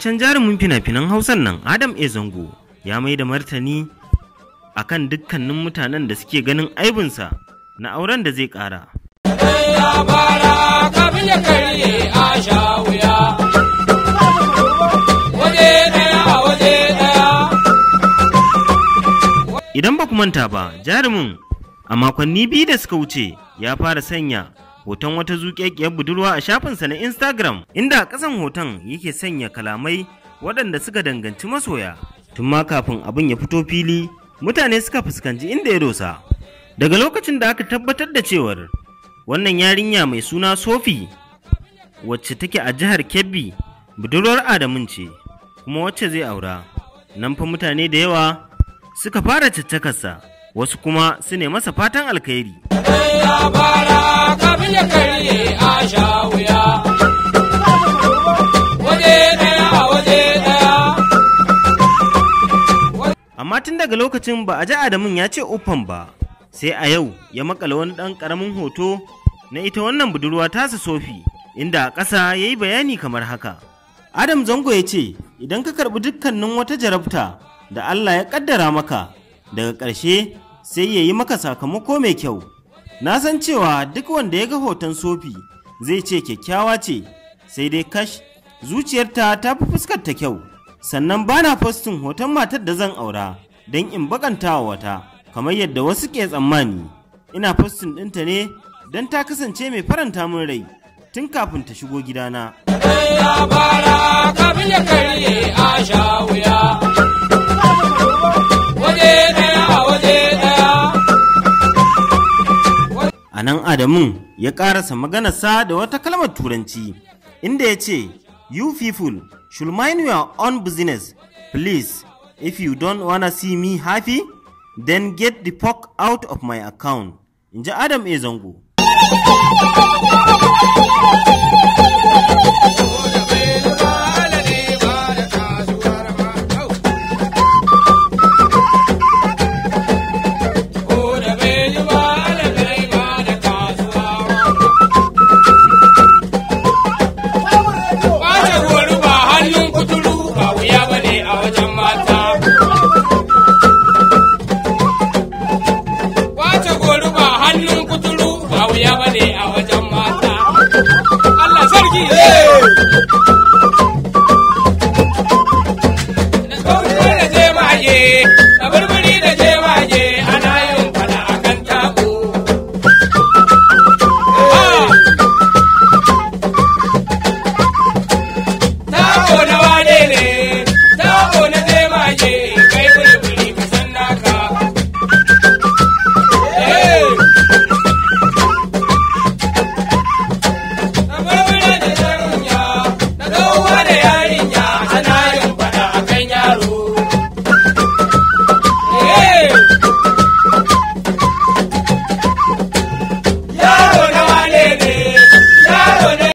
fitaccen jarumin fina-finan hausan nan adam e ya mai da martani a kan dukkanin mutanen da suke ganin aibinsa na auren da zai ƙara. Idan ba ku manta ba, jarumin a makonni biyu da suka wuce ya fara sanya hoton wata zuƙeƙiyar budurwa a shafinsa na Instagram, inda a ƙasan hoton yake sanya kalamai waɗanda suka danganci masoya. Tun ma kafin abin ya fito fili, mutane suka fuskanci inda ya dosa. Daga lokacin da aka tabbatar da cewar wannan yarinya mai suna Sofi, wacce take a jihar Kebbi, budurwar Adamun ce, kuma wacce zai aura. Nan fa mutane da yawa suka fara caccakarsa. wasu kuma su ne masa fatan alkhairi. Amma tun daga lokacin ba a ji Adamun ya ce uffan ba, sai a yau ya makala wani ɗan ƙaramin hoto na ita wannan budurwa tasa sofi inda a ƙasa ya yi bayani kamar haka. Adam Zango ya ce, idan ka karɓi dukkanin wata jarabta da Allah ya ƙaddara maka, daga ƙarshe sai ya yi maka sakamako mai kyau na san cewa duk wanda ya ga hoton sofi zai ce kyakkyawa ce sai dai kash zuciyarta ta fi fuskar ta kyau sannan ba na fostin hoton matar da zan aura don in bakanta wa wata kamar yadda wasu ke tsammani ina fostin ɗinta ne don ta kasance mai faranta min rai tun kafin ta shigo gidana. Ya fara kafin a nan adamun ya ƙarasa sa da wata kalmar turanci inda ya ce you people should mind your own business please if you don't wanna see me happy then get the fuck out of my account in ji adam e zango wuya bane a wajen mata Allah sarki